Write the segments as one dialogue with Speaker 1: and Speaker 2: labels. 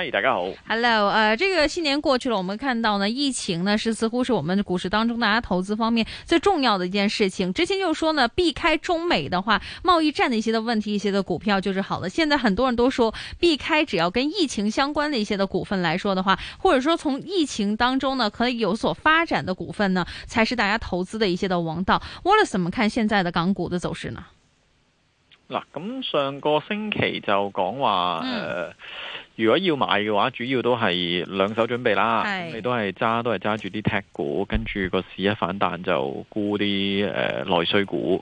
Speaker 1: 嗨，Hi, 大家好，Hello，呃，這個新年過去了，我們看到呢，疫情呢是似乎是我們股市當中大家投資方面最重要的一件事情。之前就說呢，避開中美的話，貿易戰的一些的問題，一些的股票就是好了。現在很多人都說避開，只要跟疫情相關的一些的股份來說的話，或者說從疫情當中呢可以有所發展的股份呢，才是大家投資的一些的王道。Wallace，怎麼看現在的港股的走勢呢？
Speaker 2: 嗱，咁上個星期就講話、嗯、呃如果要買嘅話，主要都係兩手準備啦，是你都係揸都係揸住啲踢股，跟住個市一反彈就沽啲誒、呃、內需股，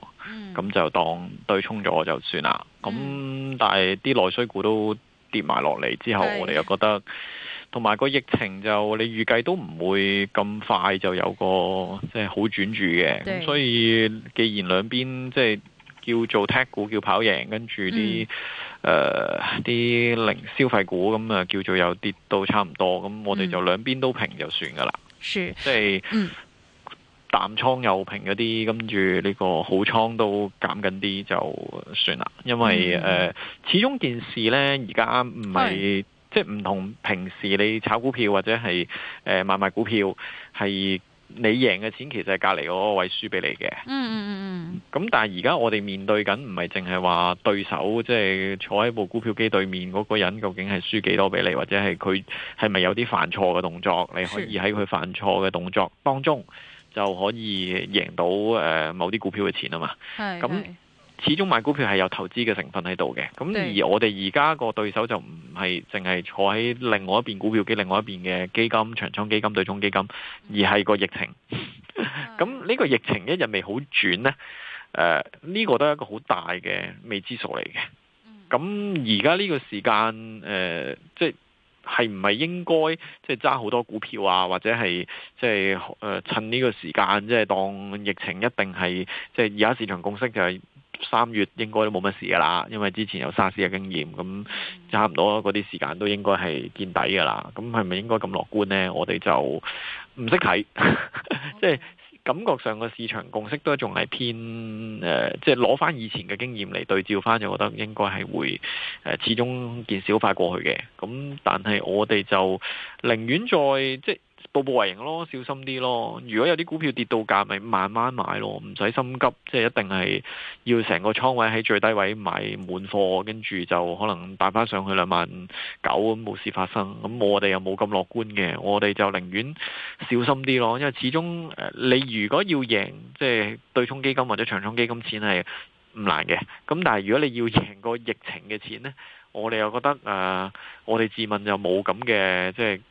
Speaker 2: 咁、嗯、就當對沖咗就算啦。咁、嗯、但係啲內需股都跌埋落嚟之後，是我哋又覺得同埋個疫情就你預計都唔會咁快就有個即係、就是、好轉住嘅，咁對所以既然兩邊即係。就是叫做踢股叫跑贏，跟住啲誒啲零消費股咁啊，叫做有跌到差唔多，咁我哋就兩邊都平就算噶啦，即係淡倉又平嗰啲，跟住呢個好倉都減緊啲就算啦。因為誒、嗯呃，始終件事咧而家唔係即係唔同平時你炒股票或者係誒、呃、買賣股票係，你贏嘅錢其實係隔籬嗰個位輸俾你嘅。嗯嗯嗯，咁但係而家我哋面對緊唔係淨係話對手，即係坐喺部股票機對面嗰個人究竟係輸幾多俾你，或者係佢係咪有啲犯錯嘅動作，你可以喺佢犯錯嘅動作當中就可以贏到誒某啲股票嘅錢啊嘛。係咁。始終買股票係有投資嘅成分喺度嘅，咁而我哋而家個對手就唔係淨係坐喺另外一邊股票機，另外一邊嘅基金、長倉基金、對沖基金，而係個疫情。咁 呢個疫情一日未好轉呢，誒、呃、呢、這個都係一個好大嘅未知數嚟嘅。咁而家呢個時間，誒即係係唔係應該即係揸好多股票啊，或者係即係誒趁呢個時間，即、就、係、是、當疫情一定係即係而家市場共識就係、是。三月應該都冇乜事噶啦，因為之前有沙士嘅經驗，咁差唔多嗰啲時間都應該係見底噶啦。咁係咪應該咁樂觀呢？我哋就唔識睇，即係 Okay. 感覺上個市場共識都仲係偏誒，即係攞翻以前嘅經驗嚟對照翻，就覺得應該係會誒、呃，始終件事好快過去嘅。咁但係我哋就寧願再，即係。即係步步為營咯，小心啲咯。如果有啲股票跌到價，咪慢慢買咯，唔使心急。即係一定係要成個倉位喺最低位買滿貨，跟住就可能帶翻上去兩萬九咁冇事發生。咁我哋又冇咁樂觀嘅，我哋就寧願小心啲咯。因為始終誒，你如果要贏，即係對沖基金或者長沖基金錢係唔難嘅。咁但係如果你要贏個疫情嘅錢呢？我哋又覺得誒、呃，我哋自問又冇咁嘅即係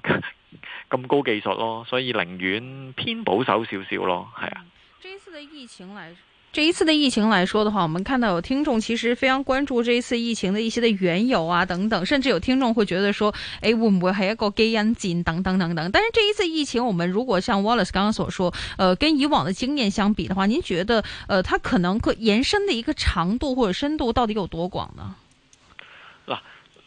Speaker 2: 咁高的技術咯，所以寧願偏保守少少咯，係啊。呢一次嘅疫情
Speaker 1: 來，這一次的疫情來，疫情來說的話，我們看到有聽眾其實非常關注這一次疫情的一些嘅緣由啊等等，甚至有聽眾會覺得說，誒，會唔會係一個基因戰等等等等。但是這一次疫情，我們如果像 Wallace 剛剛所說、呃，跟以往的經驗相比的話，您覺得佢、呃、它可能會延伸的一個長度或者深度到底有多廣呢？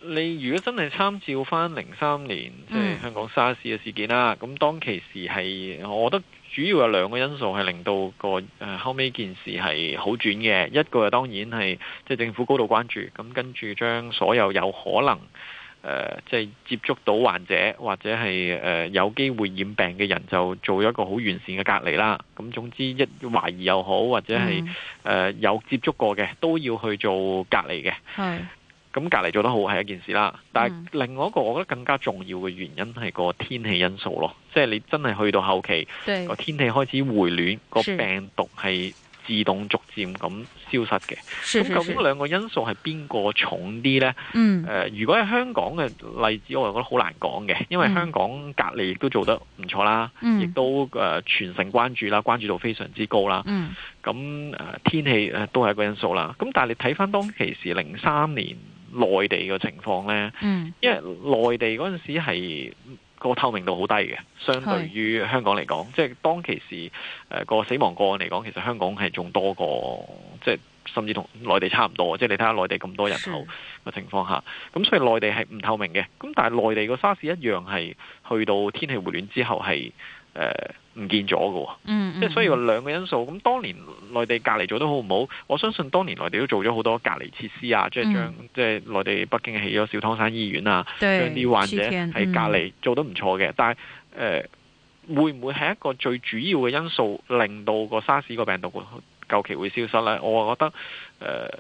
Speaker 2: 你如果真係參照翻零三年即係、就是、香港沙士嘅事件啦，咁、嗯、當其時係，我覺得主要有兩個因素係令到個誒、呃、後尾件事係好轉嘅。一個就當然係即係政府高度關注，咁跟住將所有有可能誒即係接觸到患者或者係誒、呃、有機會染病嘅人，就做一個好完善嘅隔離啦。咁總之，一懷疑又好，或者係誒、嗯呃、有接觸過嘅，都要去做隔離嘅。係。咁隔離做得好係一件事啦，但係另外一個我覺得更加重要嘅原因係個天氣因素咯，嗯、即係你真係去到後期個對天氣開始回暖，個是病毒係自動逐漸咁消失嘅。咁究竟兩個因素係邊個重啲呢、嗯呃？如果係香港嘅例子，我又覺得好難講嘅，因為香港隔離都做得唔錯啦，亦、嗯、都、呃、全城關注啦，關注度非常之高啦。咁、嗯呃、天氣都係一個因素啦。咁但係你睇翻當其時零三年。內地嘅情況呢，嗯、因為內地嗰陣時係個透明度好低嘅，相對於香港嚟講，是即係當其時誒個死亡個案嚟講，其實香港係仲多過，即係甚至同內地差唔多。即係你睇下內地咁多人口嘅情況下，咁是所以內地係唔透明嘅。咁但係內地個沙士一樣係去到天氣回暖之後係誒，呃唔見咗嘅，
Speaker 1: 即係、嗯嗯、所以個
Speaker 2: 兩個因素。咁當年內地隔離做得好唔好？我相信當年內地都做咗好多隔離設施啊，即係將、嗯、即係內地北京起咗小湯山醫院啊，將啲對患者喺隔離做得唔錯嘅。嗯、但係誒、呃，會唔會係一個最主要嘅因素令到個沙士個病毒夠期會消失呢？我啊覺得誒、呃，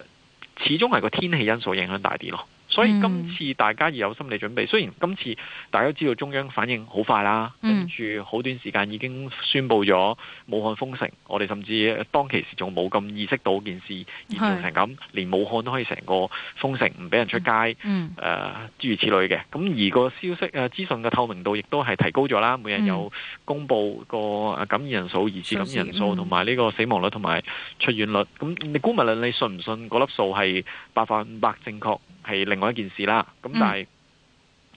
Speaker 2: 始終係個天氣因素影響大啲咯。所以今次大家要有心理準備，雖然今次大家都知道中央反應好快啦，跟住好短時間已經宣佈咗武漢封城。我哋甚至當其時仲冇咁意識到件事而造成咁，是連武漢都可以成個封城，唔俾人出街。嗯呃、誒、諸如此類嘅。咁而個消息誒資訊嘅透明度亦都係提高咗啦。每日有公佈個感染人數、疑似、嗯、感染人數同埋呢個死亡率同埋出院率。咁你估，無論你信唔信嗰粒數係百分百正確，係另外一件事啦，咁但係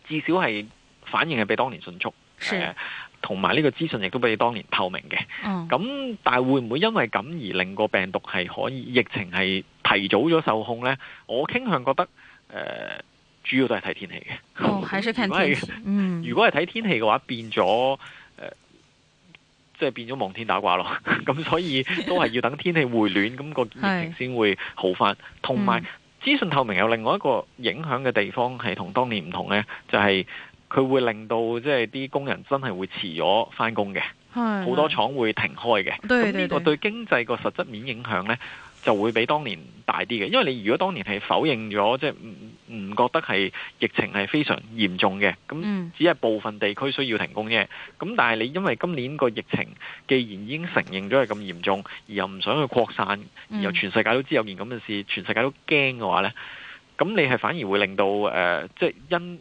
Speaker 2: 至少係反應係比當年迅速，誒、同埋呢個資訊亦都比當年透明嘅。咁、嗯、但係會唔會因為咁而令個病毒係可以疫情係提早咗受控呢？我傾向覺得、呃、主要都係睇天氣嘅。
Speaker 1: 哦、還是睇天氣。如
Speaker 2: 果係睇、嗯、天氣嘅話，變咗誒、即係變咗望天打卦咯。咁 所以都係要等天氣回暖，咁個 疫情先會好翻，同埋。嗯資訊透明有另外一個影響嘅地方係同當年唔同呢，就係佢會令到即係啲工人真係會遲咗返工嘅，好多廠會停開嘅。咁呢個對經濟個實質面影響呢，就會比當年大啲嘅，因為你如果當年係否認咗，即係唔唔覺得係疫情係非常嚴重嘅，咁只係部分地區需要停工啫。咁但係你因為今年個疫情，既然已經承認咗係咁嚴重，而又唔想去擴散，而又全世界都知有件咁嘅事，mm. 全世界都驚嘅話呢，咁你係反而會令到誒，即、呃、係、就是、因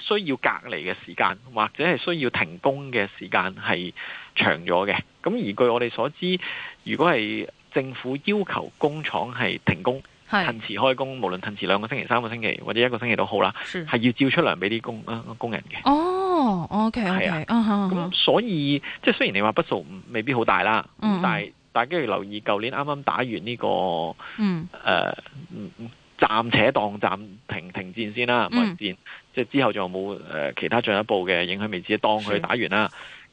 Speaker 2: 需要隔離嘅時間，或者係需要停工嘅時間係。長咗嘅，咁而據我哋所知，如果係政府要求工廠係停工，係是褪遲開工，無論褪遲兩個星期、三個星期或者一個星期都好啦，係是要照出糧俾啲工工人嘅。哦、
Speaker 1: oh,，OK OK，係、uh huh, uh huh. 啊，咁
Speaker 2: 所以即係雖然你話不數未必好大啦，uh huh. 但係大家要留意，舊年啱啱打完呢、這個，誒、uh huh. 呃，暫且當暫停停，停戰先啦，唔係戰，uh huh. 即係之後仲有冇誒其他進一步嘅影響未知，是當佢打完啦。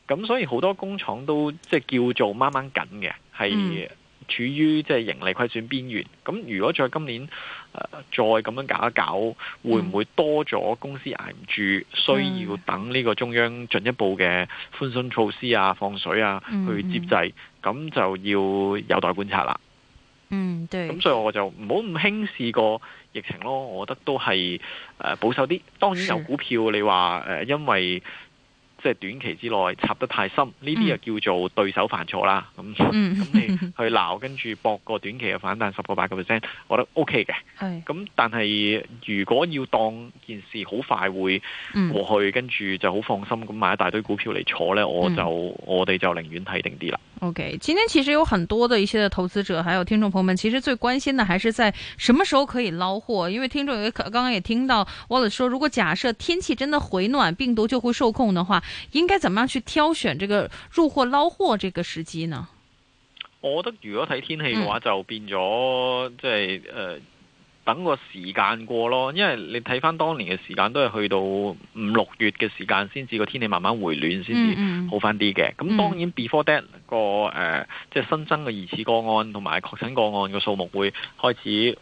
Speaker 2: 咁所以好多工廠都即係叫做掹掹緊嘅，係、嗯、處於即係盈利虧損邊緣。咁如果再今年、呃、再咁樣搞一搞，嗯、會唔會多咗公司捱唔住，嗯、需要等呢個中央進一步嘅寬鬆措施啊、放水啊去接濟？咁、嗯嗯、就要有待觀察啦。嗯，
Speaker 1: 對。
Speaker 2: 咁所以我就唔好咁輕視個疫情咯。我覺得都係、呃、保守啲。當然有股票，是你話、呃、因為。即係短期之內插得太深，呢啲又叫做對手犯錯啦。咁咁、嗯、 你去鬧，跟住搏個短期嘅反彈十個八個 percent，我覺得 OK 嘅。係咁是，但係如果要當件事好快會過去，嗯、跟住就好放心咁買一大堆股票嚟坐咧，我就、嗯、我哋就寧願睇定啲啦。
Speaker 1: OK，今天其實有很多的一些的投資者，還有聽眾朋友們，其實最關心的還是在什麼時候可以撈貨，因為聽眾有可剛剛也聽到我哋說，如果假設天氣真的回暖，病毒就會受控的話。應該怎麼樣去挑選這個入貨撈貨這個時機呢？
Speaker 2: 我覺得如果睇天氣嘅話，嗯、就變咗即係誒、等個時間過咯。因為你睇翻當年嘅時間，都係去到五六月嘅時間，先至個天氣慢慢回暖，先至，嗯、好翻啲嘅。咁、嗯、當然，before that 個誒、即，呃、係，就是、新增嘅疑似個案同埋確診個案嘅數目會開始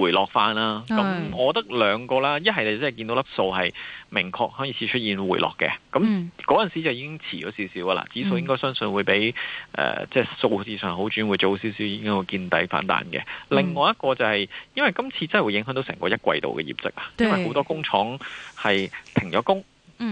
Speaker 2: 回落翻啦。咁、嗯、我覺得兩個啦，一係你即係見到粒數係。明確開始出現回落嘅，咁嗰陣時就已經遲咗少少噶啦。指數應該相信會比誒，即係數字上好轉會早少少，應該會見底反彈嘅。另外一個就係、是，因為今次真係會影響到成個一季度嘅業績啊，因為好多工廠係停咗工。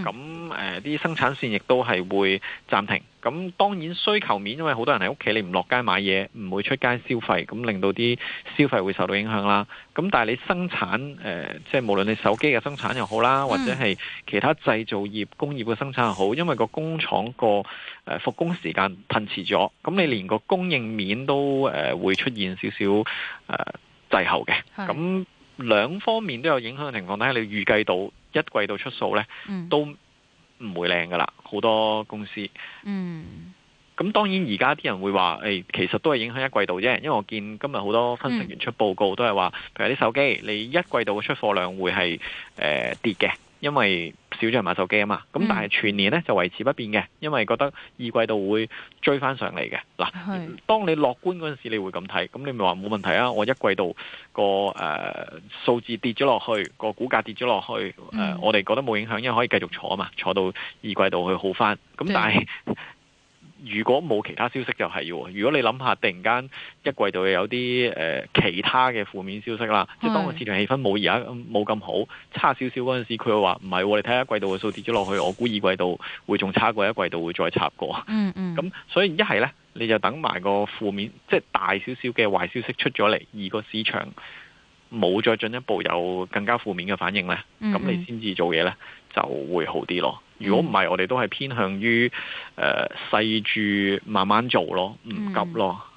Speaker 2: 咁誒啲生產線亦都係會暫停，咁當然需求面因為好多人喺屋企，你唔落街買嘢，唔會出街消費，咁令到啲消費會受到影響啦。咁但係你生產誒、呃、即係無論你手機嘅生產又好啦，或者係其他製造業工業嘅生產又好，因為個工廠個誒復工時間褪遲咗，咁你連個供應面都誒、呃、會出現少少誒滯後嘅。咁、呃、的兩方面都有影響嘅情況，底下你預計到，一季度出數呢、嗯、都唔會靚噶啦，好多公司。嗯，咁當然而家啲人會話，誒、哎、其實都係影響一季度啫，因為我見今日好多分析員出報告都係話，譬如啲手機，你一季度嘅出貨量會係、呃、跌嘅。因為少咗人買手機啊嘛，咁、嗯、但係全年呢就維持不變嘅，因為覺得二季度會追翻上嚟嘅。嗱，當你樂觀嗰時，你會咁睇，咁你咪話冇問題啊。我一季度個誒數、呃、字跌咗落去，個股價跌咗落去，誒、呃嗯、我哋覺得冇影響，因為可以繼續坐啊嘛，坐到二季度去好翻。咁但係。嗯如果冇其他消息就係喎，如果你諗下，突然間一季度又有啲誒、呃、其他嘅負面消息啦，係即係當個市場氣氛冇而家冇咁好，差少少嗰陣時，佢話唔係喎，你睇下季度嘅數跌咗落去，我估二季度會仲差過一季度，會再插過，嗯嗯，嗯。咁所以一係咧，你就等埋個負面，即係大少少嘅壞消息出咗嚟，而個市場冇再進一步有更加負面嘅反應咧，咁、嗯嗯、你先至做嘢咧就會好啲咯。如果唔係，我哋都係偏向於呃，細住慢慢做咯，唔急咯。嗯。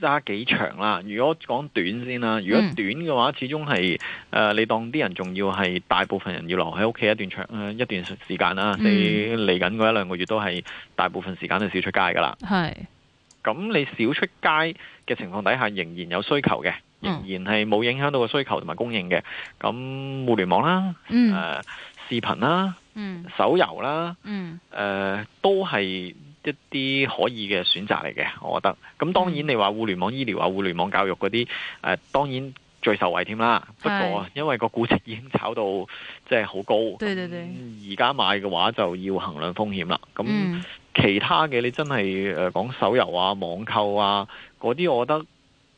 Speaker 2: 揸幾長啦？如果講短先啦，如果短嘅話，嗯、始終係誒、呃，你當啲人仲要係大部分人要留喺屋企一段長啊一段時間啦。你嚟緊嗰一兩個月都係大部分時間都少出街噶啦。係。咁你少出街嘅情況底下，仍然有需求嘅，仍然係冇影響到個需求同埋供應嘅。咁互聯網啦，誒、嗯呃、視頻啦，嗯、手遊啦，嗯，誒、呃、都係，一啲可以嘅選擇嚟嘅，我覺得。咁當然你話互聯網醫療啊、互聯網教育嗰啲，誒、呃，當然最受惠添啦。不過因為個估值已經炒到即係好高，
Speaker 1: 而
Speaker 2: 家、嗯、買嘅話就要衡量風險啦。咁其他嘅你真係誒講手遊啊、網購啊嗰啲，我覺得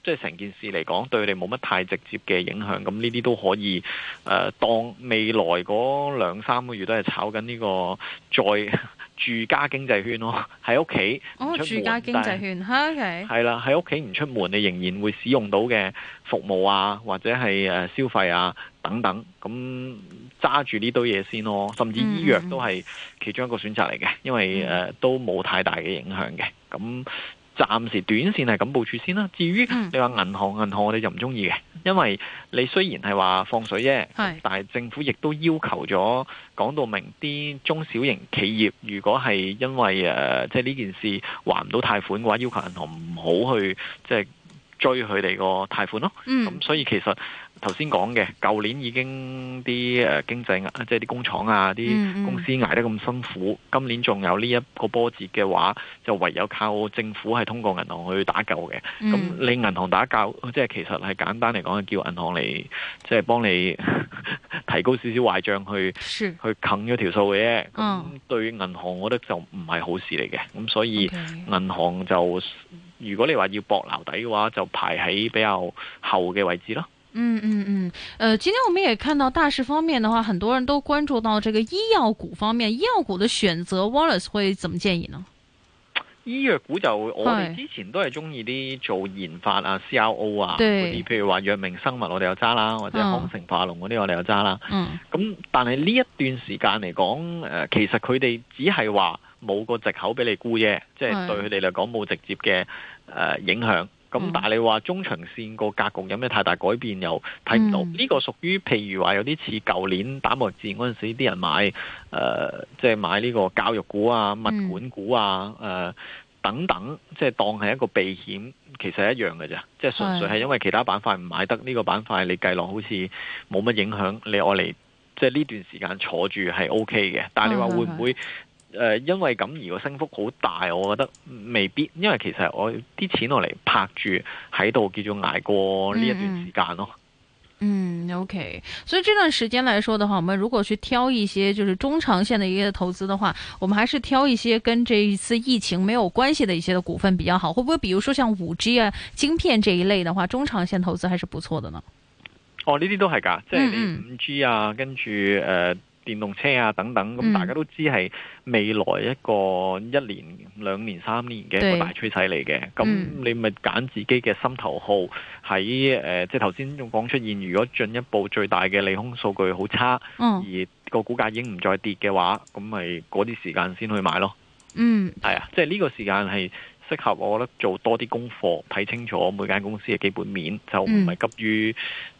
Speaker 2: 即係成件事嚟講對你冇乜太直接嘅影響。咁呢啲都可以誒、呃、當未來嗰兩三個月都係炒緊呢個再。住家經濟圈咯，喺屋企。哦，
Speaker 1: 住家經濟圈，喺屋企。係
Speaker 2: 啦，喺屋企唔出門，你仍然會使用到嘅服務啊，或者係誒消費啊等等。咁揸住呢堆嘢先咯、啊，甚至醫藥都係其中一個選擇嚟嘅，嗯、因為誒、呃、都冇太大嘅影響嘅。咁。暫時短線係咁部署先啦。至於你話銀行銀行，銀行我哋就唔中意嘅，因為你雖然係話放水啫，的嗯、但係政府亦都要求咗講到明啲，中小型企業如果係因為誒、呃、即係呢件事還唔到貸款嘅話，要求銀行唔好去即係追佢哋個貸款咯。咁所以其實。頭先講嘅，舊年已經啲誒經濟啊，即係啲工廠啊，啲公司捱得咁辛苦，嗯嗯今年仲有呢一個波折嘅話，就唯有靠政府係通過銀行去打救嘅。咁、嗯嗯、你銀行打救，即係其實係簡單嚟講，叫銀行嚟即係幫你 提高少少壞賬去是 去冚咗條數嘅啫。咁、哦、對銀行，我覺得就唔係好事嚟嘅。咁所以銀行就、嗯、如果你話要搏留底嘅話，就排喺比較後嘅位置咯。
Speaker 1: 嗯嗯嗯，誒、嗯嗯呃，今天我們也看到大市方面的話，很多人都關注到這個醫藥股方面，醫藥股的選擇，Wallace 會怎麼建議呢？
Speaker 2: 醫藥股就我哋之前都係中意啲做研發啊、CRO 啊，譬對如話藥明生物，我哋有揸啦，或者康龍化成嗰啲，我哋有揸啦。嗯。咁但係呢一段時間嚟講，誒、呃，其實佢哋只係話冇個藉口俾你沽啫，即係對佢哋嚟講冇直接嘅誒、呃、影響。咁、嗯、但係你話中長線個格局有咩太大改變又睇唔到？呢、嗯、個屬於譬如話有啲似舊年打磨戰嗰陣時啲人買，誒、呃、即係買呢個教育股啊、物管股啊、誒、呃、等等，即係當係一個避險，其實是一樣嘅啫。即係純粹係因為其他板塊唔買得，呢是個板塊你計落好似冇乜影響，你愛嚟即係呢段時間坐住係 OK 嘅。但係你話會唔會？呃，因為咁而個升幅好大，我覺得未必，因為其實我啲錢落嚟拍住喺度，叫做捱過呢一段時間咯。嗯、嗯、
Speaker 1: 嗯，OK，所以這段時間來說的話，我們如果去挑一些就是中長線的一些投資的話，我們還是挑一些跟這一次疫情沒有關係的一些的股份比較好。會不會，比如說像五 G 啊、晶片這一類的話，中長線投資還是不錯的呢？哦，
Speaker 2: 呢啲都係噶，嗯，即係你五 G 啊，跟住誒。呃電動車啊，等等，咁、嗯、大家都知係未來一個一年、兩年、三年嘅一個大趨勢嚟嘅。咁對你咪揀自己嘅心頭好，喺誒、嗯，即係頭先仲講出現，如果進一步最大嘅利空數據好差，哦、而個股價已經唔再跌嘅話，咁咪嗰啲時間先去買咯。嗯，係啊，即係呢個時間係適合，我覺得做多啲功課，睇清楚每間公司嘅基本面，就唔係急於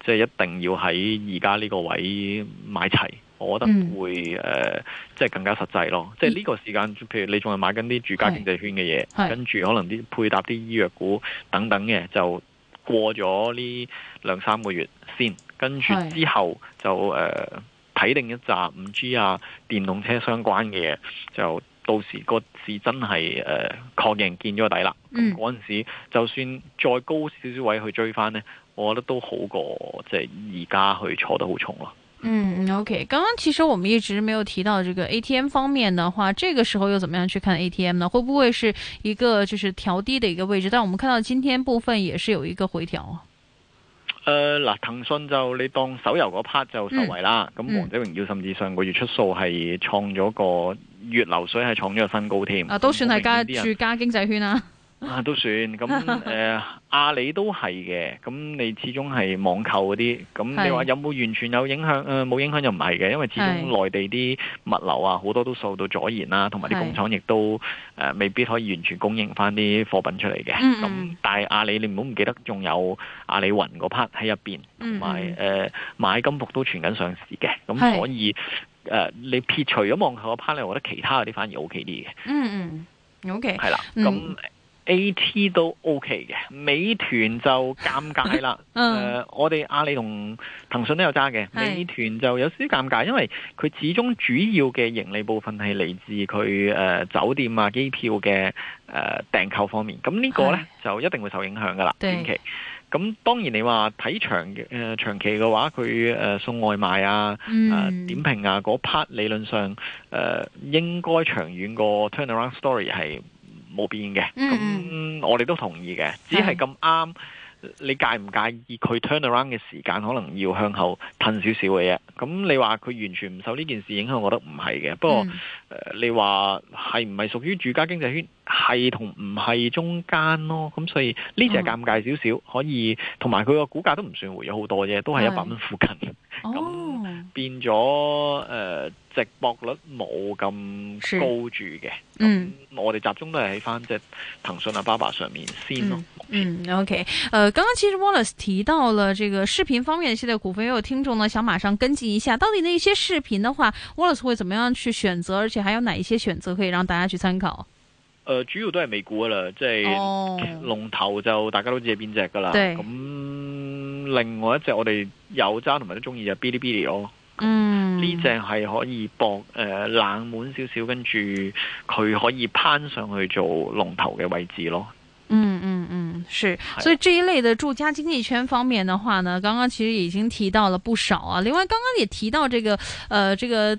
Speaker 2: 即係一定要喺而家呢個位買齊。我覺得會誒，即係、嗯呃就是、更加實際咯。即係呢個時間，譬如你仲係買緊啲住家經濟圈嘅嘢，跟住可能啲配搭啲醫藥股等等嘅，就過咗呢兩三個月先，跟住之後就誒睇是、呃、定一紮五 G 啊、電動車相關嘅嘢，就到時個市真係誒確認見咗底啦。嗰陣、嗯、時就算再高少少位去追翻呢，我覺得都好過即係而家去坐得好重咯。
Speaker 1: 嗯嗯，OK，剛剛其實我們一直沒有提到這個 ATM 方面的話，這個時候又怎麼樣去看 ATM 呢？會不會是一個就是調低的一個位置？但我們看到今天部分也是有一個回調。
Speaker 2: 誒，嗱，騰訊就你當手遊嗰 part 就受惠啦，咁、嗯、王者榮耀甚至上個月出數係創咗個月流水係創咗個新高添。啊，都算係加住
Speaker 1: 加經濟圈啦、啊。
Speaker 2: 啊， 都算咁，誒、呃，阿里都係嘅，咁你始終係網購嗰啲，咁你話有冇完全有影響？誒、呃，冇影響就唔係嘅，因為始終內地啲物流啊，好多都受到阻延啦、啊，同埋啲工廠亦都誒是、呃，未必可以完全供應翻啲貨品出嚟嘅。咁、嗯嗯、但係阿里，你唔好唔記得，仲有阿里雲嗰 part 喺入邊，
Speaker 1: 同埋
Speaker 2: 誒買金服都傳緊上市嘅，咁所以誒是、呃，你撇除咗網購嗰 part 你我覺得其他啲反而 O K 啲嘅。嗯
Speaker 1: 嗯，O K。係、okay. 啦，咁。嗯
Speaker 2: AT 都 OK 嘅，美團就尷尬啦。誒、 嗯呃、我哋阿里同騰訊都有揸嘅，美團就有少少尷尬，的因為佢始終主要嘅盈利部分係嚟自佢、誒、呃、酒店啊、機票嘅誒訂購方面。咁呢個咧，的就一定會受影響噶啦，短期對。咁當然你話睇長誒長期嘅話，佢誒、呃、送外賣啊、誒、嗯呃、點評啊嗰 part 理論上誒、呃、應該長遠個 turnaround story 係。冇變嘅，咁、嗯嗯嗯、我哋都同意嘅，只係咁啱你介唔介意佢 turnaround 嘅時間可能要向後褪少少嘅啫。咁你話佢完全唔受呢件事影響，我覺得唔係嘅。不過、嗯呃、你話係唔係屬於住家經濟圈，係同唔係中間咯？咁所以呢，隻係尷尬少少，嗯、可以同埋佢個股價都唔算回咗好多啫，都係一百蚊附近。嗯 咁、嗯哦、變咗，誒、呃，直播率冇咁高住嘅。嗯，嗯我哋集中都係喺翻即係騰訊啊、爸爸上面先咯、嗯前嗯。
Speaker 1: 嗯，OK，誒，剛、呃、剛其實 Wallace 提到了這個視頻方面系列，現在股份又有聽眾呢，想馬上跟進一下，到底那一些視頻的話，Wallace 會怎麼樣去選擇，而且還有哪一些選擇可以讓大家去參考？
Speaker 2: 誒，主要都係美股啦，即係龍頭就大家都知係邊隻噶啦。對、哦，咁、嗯。嗯另外一隻我哋有揸同埋都中意就嗶哩嗶哩咯，
Speaker 1: 呢隻
Speaker 2: 係可以搏誒、呃、冷門少少，跟住佢可以攀上去做龍頭嘅位置咯。嗯嗯
Speaker 1: 嗯，是。是啊。所以這一類的住家經濟圈方面的話呢，剛剛其實已經提到了不少啊。另外剛剛也提到這個，誒、呃，這個。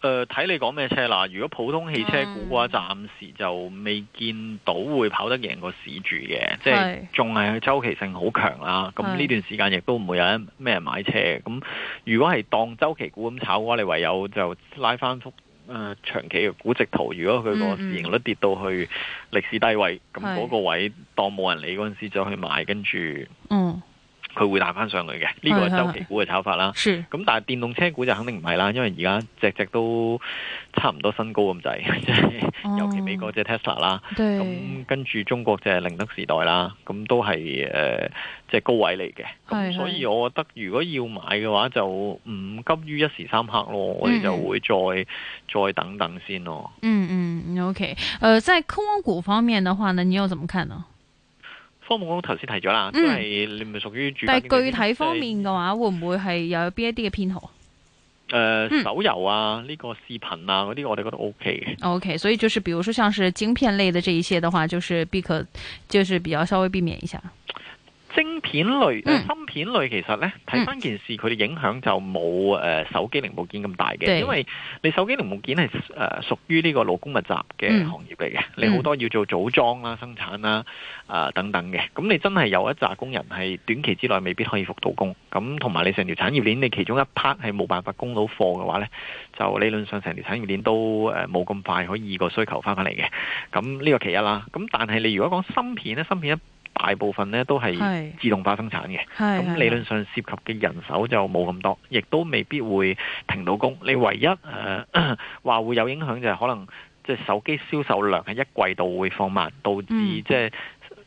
Speaker 2: 誒，睇、呃、你講咩車啦。如果普通汽車股嘅話，暫、嗯、時就未見到會跑得贏個市住嘅，是即係仲係周期性好強啦。咁呢是段時間亦都唔會有人咩人買車。咁如果係當周期股咁炒嘅話，你唯有就拉翻幅誒，長期嘅估值圖。如果佢個市盈率跌到去歷史低位，咁嗰、嗯嗯、個位是當冇人理嗰陣時再去買，跟住嗯。佢會彈翻上去嘅，呢、這個係週期股嘅炒法啦。咁是但係電動車股就肯定唔係啦，因為而家隻隻都差唔多新高咁滯，嗯、 尤其是美國隻 Tesla 啦，咁對 跟住中國就係寧德時代啦，咁都係誒即係高位嚟嘅。咁是是 所以我覺得如果要買嘅話，就唔急於一時三刻咯，我哋就會再、嗯、再等等先咯。嗯
Speaker 1: 嗯，OK，誒、呃，在科技股方面嘅話呢，呢你又點看呢？科網我
Speaker 2: 頭先提咗啦，都係、嗯、你唔係屬於主板但係具體方面
Speaker 1: 嘅話，就是、會唔會係有邊一啲嘅偏好？
Speaker 2: 誒、呃，嗯、手遊啊，呢、這個視頻啊，嗰啲我哋覺得 O K 嘅。
Speaker 1: O、okay, K，所以就是，比如說，像是晶片類嘅，這一些的話，就是必可，就是比較稍微避免一下。晶
Speaker 2: 片類誒，芯片類其實咧，睇翻件事佢哋影響就冇誒手機零部件咁大嘅，因為你手機零部件係誒屬於呢個勞工密集嘅行業嚟嘅，你好多要做組裝啦、生產啦、啊等等嘅，咁你真係有一紮工人係短期之內未必可以復到工，咁同埋你成條產業鏈你其中一 part 係冇辦法供到貨嘅話咧，就理論上成條產業鏈都誒冇咁快可以二個需求翻翻嚟嘅，咁呢個其一啦，咁但係你如果講芯片咧，芯片一。大部分咧都係自動化生產嘅，咁是理論上涉及嘅人手就冇咁多，亦都未必會停到工。你唯一誒話、呃、會有影響就係可能即係手機銷售量喺一季度會放慢，導致、嗯、即係。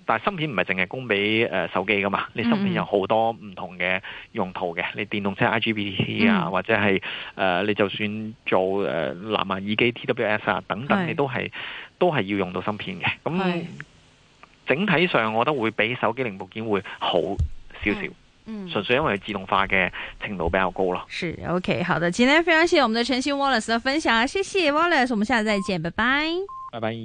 Speaker 2: 但係芯片唔係淨係供俾誒、呃、手機噶嘛？你芯片有好多唔同嘅用途嘅，嗯、你電動車 IGBT 啊，嗯、或者係誒、呃、你就算做誒、呃、藍牙耳機 TWS 啊等等，是你都係都係要用到芯片嘅。咁整體上，我覺得會比手機零部件會好少少，嗯，嗯，純粹因為自動化嘅程度比較高咯。
Speaker 1: 是，OK，好的，今天非常謝謝我們的陳昕 Wallace 嘅分享，謝謝 Wallace，我們下次再見，拜拜，
Speaker 2: 拜拜。